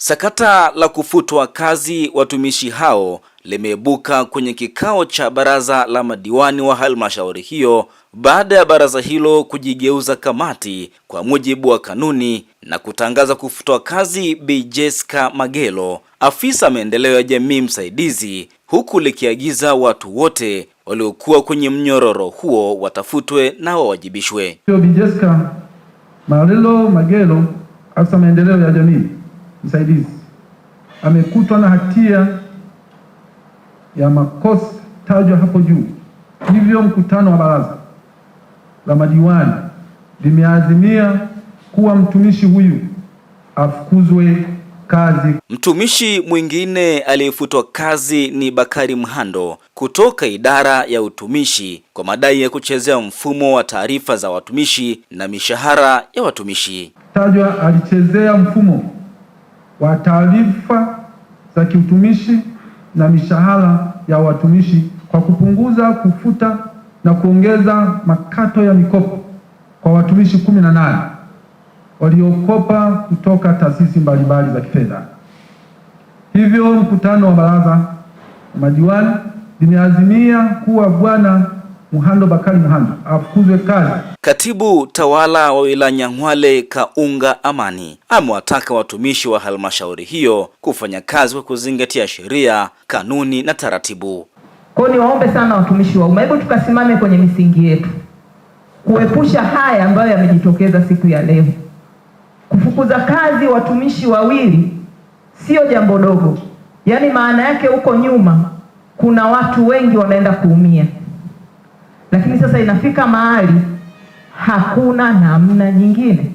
Sakata la kufutwa kazi watumishi hao limeibuka kwenye kikao cha baraza la madiwani wa halmashauri hiyo baada ya baraza hilo kujigeuza kamati kwa mujibu wa kanuni na kutangaza kufutwa kazi Bi Magelo, afisa maendeleo ya jamii msaidizi, huku likiagiza watu wote waliokuwa kwenye mnyororo huo watafutwe na wawajibishwe. Bi Magelo, afisa maendeleo ya jamii msaidizi amekutwa na hatia ya makosa tajwa hapo juu, hivyo mkutano wa baraza la madiwani limeazimia kuwa mtumishi huyu afukuzwe kazi. Mtumishi mwingine aliyefutwa kazi ni Bakari Mhando kutoka idara ya utumishi kwa madai ya kuchezea mfumo wa taarifa za watumishi na mishahara ya watumishi. Tajwa alichezea mfumo wa taarifa za kiutumishi na mishahara ya watumishi kwa kupunguza, kufuta na kuongeza makato ya mikopo kwa watumishi kumi na nane waliokopa kutoka taasisi mbalimbali za kifedha. Hivyo mkutano wa baraza la madiwani limeazimia kuwa Bwana Muhando Bakari Muhando afukuzwe kazi. Katibu tawala wa wilaya Nyang'hwale Kaunga Amani amewataka watumishi wa halmashauri hiyo kufanya kazi kwa kuzingatia sheria, kanuni na taratibu. Kwa hiyo niwaombe sana watumishi wa umma, hebu tukasimame kwenye misingi yetu kuepusha haya ambayo yamejitokeza siku ya leo. Kufukuza kazi watumishi wawili sio jambo dogo, yaani maana yake huko nyuma kuna watu wengi wanaenda kuumia lakini sasa inafika mahali hakuna namna nyingine.